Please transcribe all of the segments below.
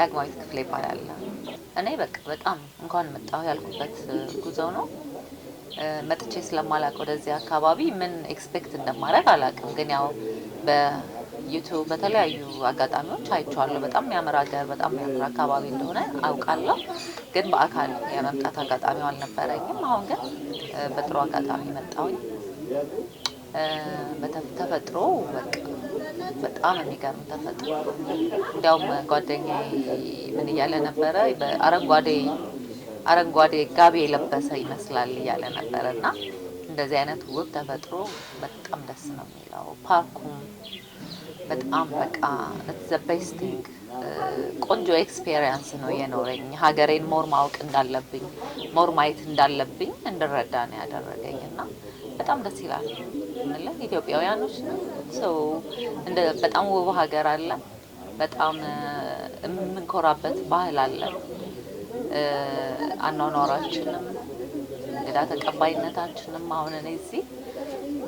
ዳግማዊት ክፍሌ ይባላል። እኔ በቃ በጣም እንኳን መጣሁ ያልኩበት ጉዞ ነው። መጥቼ ስለማላቅ ወደዚህ አካባቢ ምን ኤክስፔክት እንደማድረግ አላቅም፣ ግን ያው በዩቱብ በተለያዩ አጋጣሚዎች አይቼዋለሁ። በጣም የሚያምር ሀገር፣ በጣም የሚያምር አካባቢ እንደሆነ አውቃለሁ፣ ግን በአካል የመምጣት አጋጣሚው አልነበረኝም። አሁን ግን በጥሩ አጋጣሚ መጣሁኝ። ተፈጥሮ በጣም የሚገርም ተፈጥሮ። እንዲያውም ጓደኛ ምን እያለ ነበረ? በአረንጓዴ አረንጓዴ ጋቢ የለበሰ ይመስላል እያለ ነበረ እና እንደዚህ አይነት ውብ ተፈጥሮ በጣም ደስ ነው የሚለው። ፓርኩም በጣም በቃ ዘ ቤስቲንግ ቆንጆ ኤክስፔሪንስ ነው የኖረኝ። ሀገሬን ሞር ማወቅ እንዳለብኝ ሞር ማየት እንዳለብኝ እንድረዳ ነው ያደረገኝ እና በጣም ደስ ይላል። ምንለን ኢትዮጵያውያኖች ነው። እንደ በጣም ውብ ሀገር አለ። በጣም የምንኮራበት ባህል አለ። አኗኗራችንም እንግዳ ተቀባይነታችንም አሁን እኔ እዚህ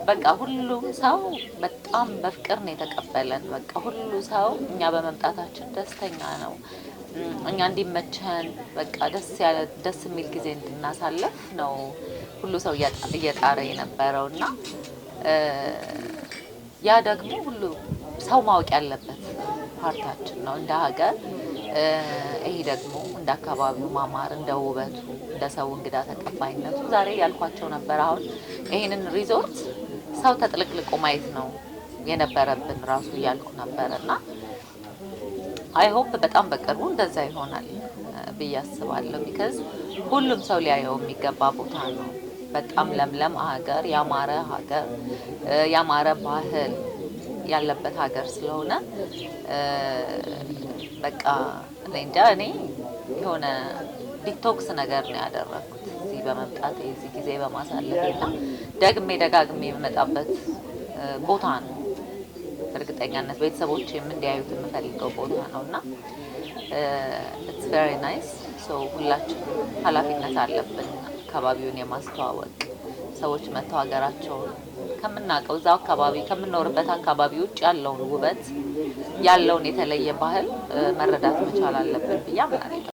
በቃ ሁሉም ሰው በጣም በፍቅር ነው የተቀበለን። በቃ ሁሉ ሰው እኛ በመምጣታችን ደስተኛ ነው። እኛ እንዲመቸን በቃ ደስ ያለ ደስ የሚል ጊዜ እንድናሳለፍ ነው ሁሉ ሰው እየጣረ የነበረው እና ያ ደግሞ ሁሉ ሰው ማወቅ ያለበት ፓርታችን ነው እንደ ሀገር። ይሄ ደግሞ እንደ አካባቢው ማማር፣ እንደ ውበቱ፣ እንደ ሰው እንግዳ ተቀባይነቱ ዛሬ ያልኳቸው ነበር። አሁን ይህንን ሪዞርት ሰው ተጥልቅልቆ ማየት ነው የነበረብን ራሱ እያልኩ ነበር እና አይሆፕ በጣም በቅርቡ እንደዛ ይሆናል ብዬ አስባለሁ። ቢከዝ ሁሉም ሰው ሊያየው የሚገባ ቦታ ነው። በጣም ለምለም ሀገር፣ ያማረ ሀገር፣ ያማረ ባህል ያለበት ሀገር ስለሆነ በቃ እንጃ እኔ የሆነ ዲቶክስ ነገር ነው ያደረኩት እዚህ በመምጣት እዚህ ጊዜ በማሳለፍ እና ደግሜ ደጋግሜ የምመጣበት ቦታ ነው። እርግጠኛነት ቤተሰቦችም እንዲያዩት የምፈልገው ቦታ ነው እና ኢትስ ቬሪ ናይስ። ሁላችን ኃላፊነት አለብን። አካባቢውን የማስተዋወቅ ሰዎች መጥተው ሀገራቸውን ከምናውቀው እዛው አካባቢ ከምንኖርበት አካባቢ ውጭ ያለውን ውበት ያለውን የተለየ ባህል መረዳት መቻል አለብን ብዬ አምናለሁ።